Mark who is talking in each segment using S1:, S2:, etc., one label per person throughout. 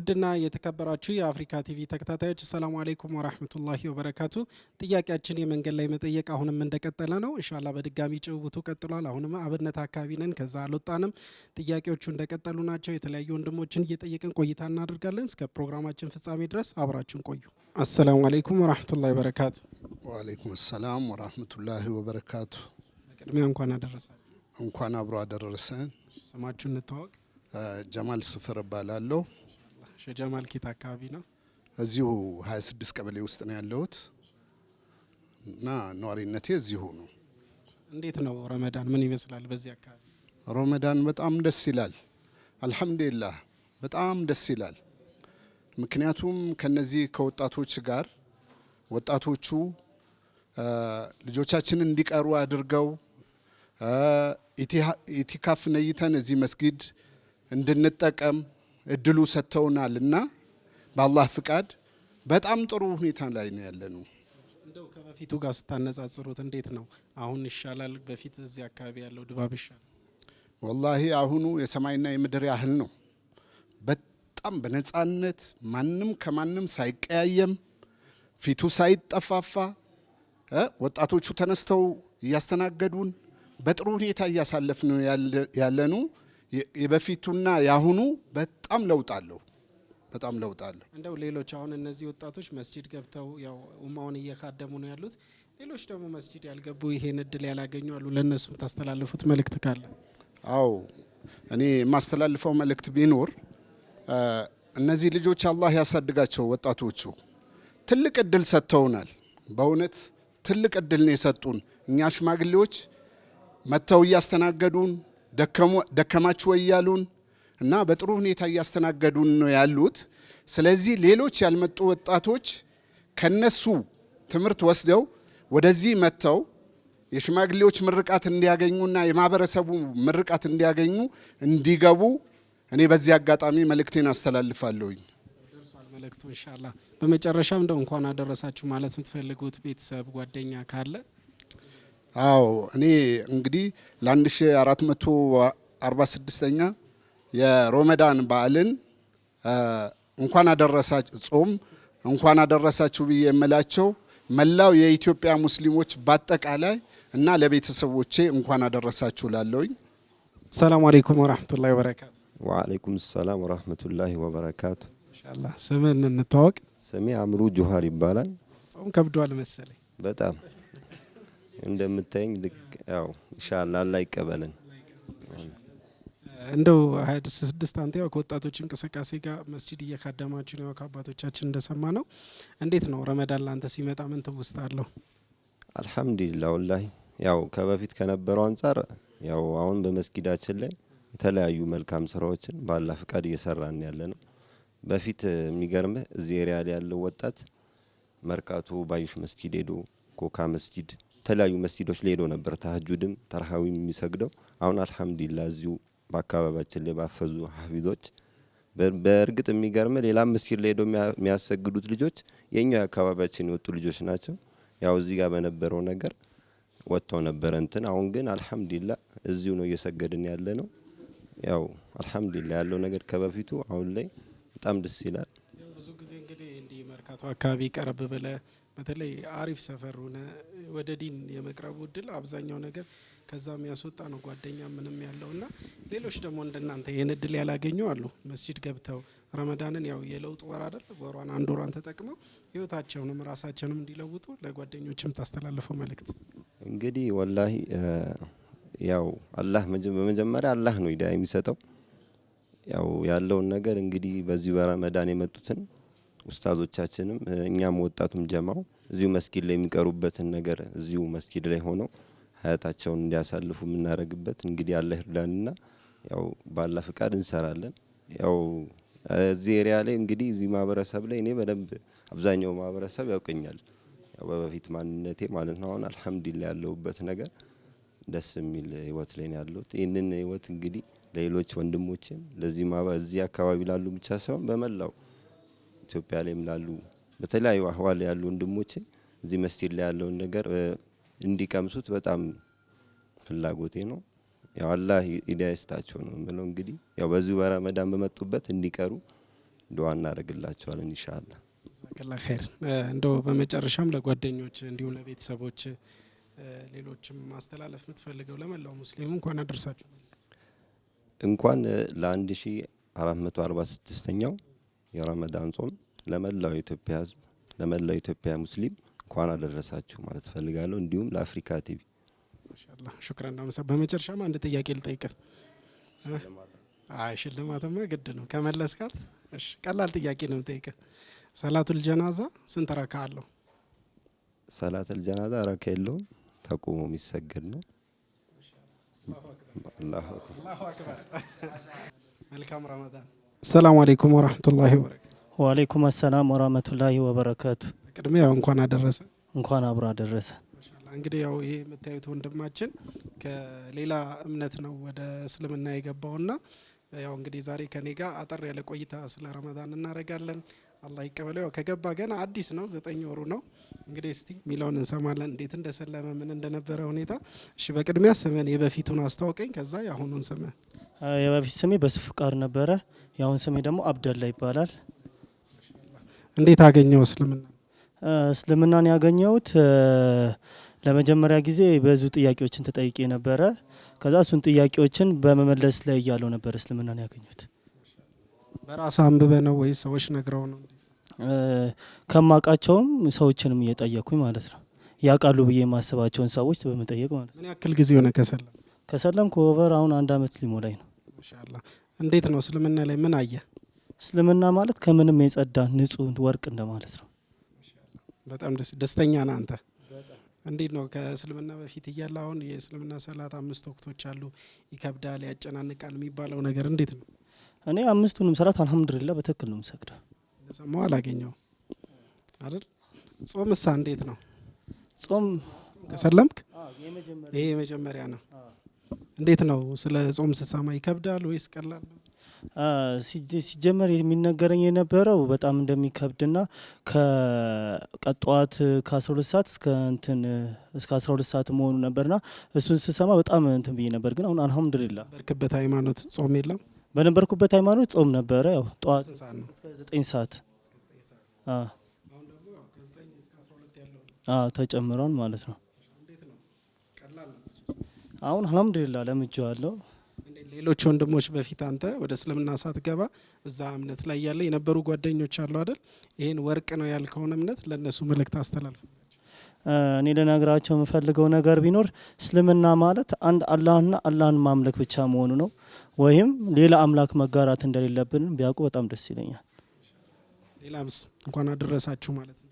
S1: ውድና የተከበራችሁ የአፍሪካ ቲቪ ተከታታዮች ሰላሙ አሌይኩም ወራህመቱላሂ ወበረካቱ። ጥያቄያችን የመንገድ ላይ መጠየቅ አሁንም እንደቀጠለ ነው። እንሻላ በድጋሚ ጭውውቱ ቀጥሏል። አሁንም አብነት አካባቢ ነን፣ ከዛ አልወጣንም። ጥያቄዎቹ እንደቀጠሉ ናቸው። የተለያዩ ወንድሞችን እየጠየቅን ቆይታ እናደርጋለን። እስከ ፕሮግራማችን ፍጻሜ ድረስ አብራችን ቆዩ።
S2: አሰላሙ አሌይኩም ወራህመቱላሂ ወበረካቱ።
S3: ወአሌይኩም ሰላም ወራህመቱላሂ ወበረካቱ።
S1: በቅድሚያ እንኳን አደረሰ
S3: እንኳን አብሮ አደረሰን።
S1: ስማችሁ እንተዋወቅ።
S3: ጀማል ስፍር እባላለሁ።
S1: ሸጀማል ኬት አካባቢ ነው?
S3: እዚሁ 26 ቀበሌ ውስጥ ነው ያለሁት እና ነዋሪነቴ እዚሁ ነው።
S1: እንዴት ነው ረመዳን ምን ይመስላል በዚህ አካባቢ?
S3: ረመዳን በጣም ደስ ይላል። አልሐምዱሊላህ በጣም ደስ ይላል። ምክንያቱም ከነዚህ ከወጣቶች ጋር ወጣቶቹ ልጆቻችንን እንዲቀሩ አድርገው ኢቲካፍ ነይተን እዚህ መስጊድ እንድንጠቀም እድሉ ሰጥተውናል እና በአላህ ፍቃድ በጣም ጥሩ ሁኔታ ላይ ነው ነው።
S1: እንደው ከበፊቱ ጋር ስታነጻጽሩት እንዴት ነው? አሁን ይሻላል? በፊት እዚህ አካባቢ ያለው ድባብ ይሻላል?
S3: ወላሂ አሁኑ የሰማይና የምድር ያህል ነው። በጣም በነጻነት ማንም ከማንም ሳይቀያየም ፊቱ ሳይጠፋፋ ወጣቶቹ ተነስተው እያስተናገዱን በጥሩ ሁኔታ እያሳለፍ ነው ያለኑ። የበፊቱና ያሁኑ በጣም ለውጥ አለው። በጣም ለውጥ አለው።
S1: እንደው ሌሎች አሁን እነዚህ ወጣቶች መስጂድ ገብተው ያው ኡማውን እየካደሙ ነው ያሉት። ሌሎች ደግሞ መስጂድ ያልገቡ ይሄን እድል ያላገኙ አሉ። ለእነሱም ታስተላልፉት መልእክት ካለ?
S3: አዎ እኔ የማስተላልፈው መልእክት ቢኖር እነዚህ ልጆች አላህ ያሳድጋቸው። ወጣቶቹ ትልቅ እድል ሰጥተውናል። በእውነት ትልቅ እድል ነው የሰጡን። እኛ ሽማግሌዎች መጥተው እያስተናገዱን ደከማችሁ ወይ ያሉን እና በጥሩ ሁኔታ እያስተናገዱን ነው ያሉት። ስለዚህ ሌሎች ያልመጡ ወጣቶች ከነሱ ትምህርት ወስደው ወደዚህ መጥተው የሽማግሌዎች ምርቃት እንዲያገኙና የማህበረሰቡ ምርቃት እንዲያገኙ እንዲገቡ እኔ በዚህ አጋጣሚ መልእክቴን አስተላልፋለሁኝ።
S1: መልእክቱ ኢንሻአላህ። በመጨረሻም እንደው እንኳን አደረሳችሁ ማለት የምትፈልጉት ቤተሰብ ጓደኛ ካለ
S3: አዎ እኔ እንግዲህ ለ1446ኛ የሮመዳን በዓልን እንኳን አደረሳችሁ ጾም እንኳን አደረሳችሁ ብዬ የምላቸው መላው የኢትዮጵያ ሙስሊሞች በአጠቃላይ እና ለቤተሰቦቼ እንኳን አደረሳችሁ ላለውኝ።
S2: ሰላም አለይኩም ወራህመቱላሂ ወበረካቱ።
S3: ወአለይኩም ሰላም ወራህመቱላሂ ወበረካቱ።
S1: ኢንሻአላህ ስምን እንታወቅ።
S3: ስሜ አምሩ ጆሃር ይባላል።
S1: ጾም ከብዷል መሰለኝ
S3: በጣም እንደምታየኝ ልክ ያው ኢንሻአላ አላህ ይቀበልን።
S1: እንደው ሀያ ስድስት አንተ ያው ከወጣቶች እንቅስቃሴ ጋር መስጂድ እየካደማችሁ ነው። ያው ከአባቶቻችን እንደሰማ ነው። እንዴት ነው ረመዳን ለአንተ ሲመጣ ምን ትውስታ አለው?
S3: አልሐምዱሊላህ ወላሂ ያው ከበፊት ከነበረው አንጻር ያው አሁን በመስጊዳችን ላይ የተለያዩ መልካም ስራዎችን ባላ ፍቃድ እየሰራን ያለ ነው። በፊት የሚገርምህ እዚህ ኤሪያ ላይ ያለው ወጣት መርካቶ ባዩሽ መስጊድ ሄዶ ኮካ መስጊድ የተለያዩ መስጊዶች ላይ ሄዶ ነበር ተሀጁድም ተርሃዊ የሚሰግደው። አሁን አልሐምዱሊላ እዚሁ በአካባቢያችን ላይ ባፈዙ ሀፊዞች። በእርግጥ የሚገርመ ሌላ መስጊድ ላይ ሄዶ የሚያሰግዱት ልጆች የኛው አካባቢያችን የወጡ ልጆች ናቸው። ያው እዚህ ጋር በነበረው ነገር ወጥተው ነበረ እንትን። አሁን ግን አልሐምዱሊላ እዚሁ ነው እየሰገድን ያለ ነው። ያው አልሐምዱሊላ ያለው ነገር ከበፊቱ አሁን ላይ በጣም ደስ ይላል።
S1: ብዙ ጊዜ እንግዲህ እንዲህ መርካቶ አካባቢ ቀረብ ብለህ በተለይ አሪፍ ሰፈር ሆነ ወደ ዲን የመቅረቡ እድል አብዛኛው ነገር ከዛም የሚያስወጣ ነው። ጓደኛ ምንም ያለው እና ሌሎች ደግሞ እንደናንተ ይህን እድል ያላገኙ አሉ። መስጂድ ገብተው ረመዳንን ያው የለውጥ ወር አይደል ወሯን አንድ ወሯን ተጠቅመው ህይወታቸውንም ራሳቸውንም እንዲለውጡ ለጓደኞችም ታስተላልፈው መልእክት
S3: እንግዲህ ወላሂ ያው አላህ በመጀመሪያ አላህ ነው ሂዳያ የሚሰጠው። ያው ያለውን ነገር እንግዲህ በዚህ በረመዳን የመጡትን ኡስታዞቻችንም እኛም ወጣቱም ጀማው እዚሁ መስጊድ ላይ የሚቀሩበትን ነገር እዚሁ መስጊድ ላይ ሆነው ሀያታቸውን እንዲያሳልፉ የምናደርግበት እንግዲህ ያለ እርዳንና ያው ባላ ፍቃድ እንሰራለን። ያው እዚህ ኤሪያ ላይ እንግዲህ እዚህ ማህበረሰብ ላይ እኔ በደንብ አብዛኛው ማህበረሰብ ያውቀኛል። በበፊት ማንነቴ ማለት ነው። አሁን አልሐምዱሊላ ያለሁበት ነገር ደስ የሚል ህይወት ላይ ነው ያለሁት። ይህንን ህይወት እንግዲህ ለሌሎች ወንድሞችም ለዚህ እዚህ አካባቢ ላሉ ብቻ ሳይሆን በመላው ኢትዮጵያ ላይም ላሉ በተለያዩ አህዋል ያሉ ወንድሞቼ እዚህ መስጂድ ላይ ያለውን ነገር እንዲቀምሱት በጣም ፍላጎቴ ነው። ያው አላህ ሂዳያ ይስጣቸው ነው የምለው። እንግዲህ ያው በዚሁ በረመዳን በመጡበት እንዲቀሩ ዱዓ እናደርግላቸዋለን ኢንሻአላህ።
S1: ጀዛከላ ኸይር። እንደው በመጨረሻም ለጓደኞች እንዲሁም ለቤተሰቦች ሌሎችም ማስተላለፍ የምትፈልገው ለመላው ሙስሊም እንኳን አደርሳችሁ
S3: እንኳን ለአንድ ሺ አራት መቶ አርባ ስድስተኛው የረመዳን ጾም ለመላው የኢትዮጵያ ህዝብ ለመላው የኢትዮጵያ ሙስሊም እንኳን አደረሳችሁ ማለት እፈልጋለሁ። እንዲሁም ለአፍሪካ ቲቪ
S1: ማሻላ ሹክራን ነው። በመጨረሻም አንድ ጥያቄ ልጠይቅህ። አይ ሽልማትማ ግድ ነው ከመለስካት። እሺ ቀላል ጥያቄ ነው የምጠይቅህ። ሰላቱል ጀናዛ ስንት ረካ አለው?
S3: ሰላቱል ጀናዛ ረካ የለውም፣ ተቁሞ የሚሰገድ ነው። አላሁ አክበር።
S1: መልካም ረመዳን
S2: ሰላም አሌይኩም ወራህመቱላሂ ወበረካቱ።
S4: ወአሌይኩም አሰላም ወራህመቱላሂ ወበረካቱ።
S1: ቅድሚያ ያው እንኳን አደረሰ
S4: እንኳን አብሮ አደረሰ።
S1: እንግዲህ ያው ይሄ የምታዩት ወንድማችን ከሌላ እምነት ነው ወደ እስልምና የገባውና ያው እንግዲህ ዛሬ ከኔ ጋር አጠር ያለ ቆይታ ስለ ረመዳን እናደርጋለን። አላህ ይቀበለው። ያው ከገባ ገና አዲስ ነው፣ ዘጠኝ ወሩ ነው። እንግዲህ እስቲ ሚለውን እንሰማለን፣ እንዴት እንደሰለመ ምን እንደነበረ ሁኔታ። እሺ፣ በቅድሚያ ስምን የበፊቱን አስተዋውቀኝ፣ ከዛ የአሁኑን ስምን
S4: የበፊት ስሜ በሱፍቃር ነበረ። የአሁን ስሜ ደግሞ አብደላ ይባላል።
S1: እንዴት አገኘው እስልምና?
S4: እስልምናን ያገኘሁት ለመጀመሪያ ጊዜ ብዙ ጥያቄዎችን ተጠይቄ ነበረ። ከዛ እሱን ጥያቄዎችን በመመለስ ላይ እያለው ነበር እስልምናን ያገኘሁት።
S1: በራስ አንብበ ነው ወይ ሰዎች ነግረው ነው?
S4: ከማውቃቸውም ሰዎችንም እየጠየኩኝ ማለት ነው። ያውቃሉ ብዬ የማስባቸውን ሰዎች በመጠየቅ ማለት ነው። ምን
S1: ያክል ጊዜ ሆነ ከሰለም?
S4: ከሰለም ከወቨር አሁን አንድ አመት ሊሞላኝ ነው።
S1: ማሻላ እንዴት ነው እስልምና ላይ ምን አየ?
S4: እስልምና ማለት ከምንም የጸዳ ንጹህ ወርቅ እንደማለት ነው።
S1: በጣም ደስተኛ ነህ አንተ። እንዴት ነው ከእስልምና በፊት እያለ አሁን የእስልምና ሰላት አምስት ወቅቶች አሉ፣ ይከብዳል፣ ያጨናንቃል የሚባለው ነገር እንዴት ነው?
S4: እኔ አምስቱንም ሰላት አልሐምዱሊላ በትክክል ነው ምሰግደ
S1: ሰማው አላገኘው አይደል? እሳ እንዴት ነው? ጾም ከሰለምክ ይሄ የመጀመሪያ ነው። እንዴት ነው ስለ ጾም ስሰማ ይከብዳል ወይስ ቀላል
S4: ሲጀመር የሚነገረኝ የነበረው በጣም እንደሚከብድና ከቀጠዋት ከ12 ሰዓት እስከ እንትን እስከ 12 ሰዓት መሆኑ ነበርና እሱን ስሰማ በጣም እንትን ብዬ ነበር። ግን አሁን አልሐምዱሊላ
S1: በርክበት ሃይማኖት ጾም የለም።
S4: በነበርኩበት ሃይማኖት ጾም ነበረ። ያው ጠዋት እስከ 9 ሰዓት ተጨምሯል ማለት ነው። አሁን አልሐምዱሊላ ለምጄዋለሁ።
S1: ሌሎች ወንድሞች በፊት አንተ ወደ እስልምና ሳትገባ እዛ እምነት ላይ ያለ የነበሩ ጓደኞች አሉ አይደል? ይህን ወርቅ ነው ያልከውን እምነት ለእነሱ መልእክት አስተላልፍ።
S4: እኔ ልነግራቸው የምፈልገው ነገር ቢኖር እስልምና ማለት አንድ አላህና አላህን ማምለክ ብቻ መሆኑ ነው፣ ወይም ሌላ አምላክ መጋራት እንደሌለብን ቢያውቁ በጣም ደስ ይለኛል።
S1: ሌላ ምስ እንኳን አደረሳችሁ ማለት ነው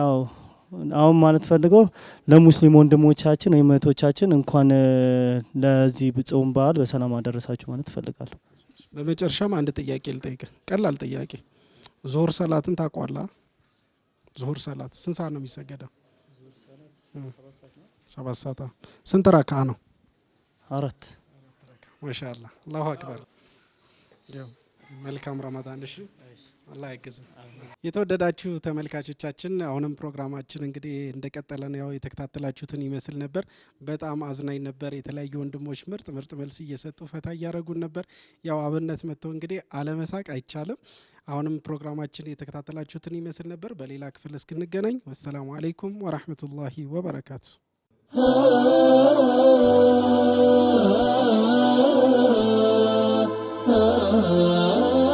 S4: ያው አሁን ማለት ፈልገው ለሙስሊም ወንድሞቻችን ወይም እህቶቻችን እንኳን ለዚህ ጾም በዓል በሰላም አደረሳችሁ ማለት እፈልጋለሁ።
S1: በመጨረሻም አንድ ጥያቄ ልጠይቅ፣ ቀላል ጥያቄ። ዞር ሰላትን ታቋላ? ዞር ሰላት ስንት ሰዓት ነው የሚሰገደው? ሰባት ሰዓት። ስንት ረካ ነው? አራት። ማሻአላህ አላሁ አክበር። መልካም ረመዳን። እሺ አላህ ያግዝም። የተወደዳችሁ ተመልካቾቻችን አሁንም ፕሮግራማችን እንግዲህ እንደቀጠለ ነው። ያው የተከታተላችሁትን ይመስል ነበር። በጣም አዝናኝ ነበር። የተለያዩ ወንድሞች ምርጥ ምርጥ መልስ እየሰጡ ፈታ እያደረጉን ነበር። ያው አብነት መጥተው እንግዲህ አለመሳቅ አይቻልም። አሁንም ፕሮግራማችን የተከታተላችሁትን ይመስል ነበር። በሌላ ክፍል እስክንገናኝ ወሰላሙ አለይኩም ወራህመቱላሂ ወበረካቱ። 啊。